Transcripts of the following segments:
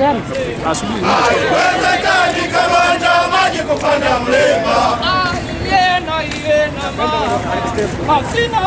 Haiwezekani kama maji kufanya mlima. Sina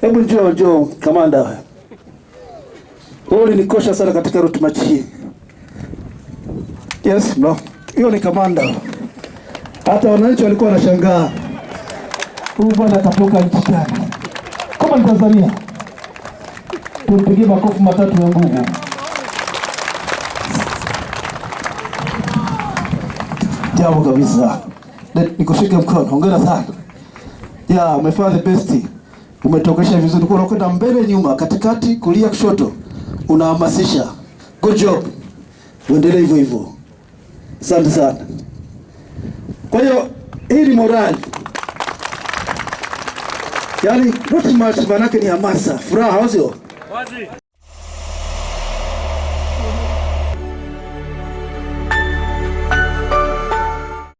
Hebu njoo njoo, kamanda, wewe ulinikosha sana katika match hii. Yes no, hiyo ni kamanda. Hata wananchi walikuwa wanashangaa huyu bwana atatoka nchi gani? Kama ni Tanzania, tumpigie makofi matatu ya nguvu. Jambo kabisa, nikushike mkono, hongera sana. Yeah, umefanya the best umetokesha vizuri, kwa unakwenda mbele, nyuma, katikati, kulia, kushoto, unahamasisha. Good job, uendelee hivyo hivyo, asante sana. Kwa hiyo hii ni morali, yaani not much, manake ni hamasa, furaha, au sio?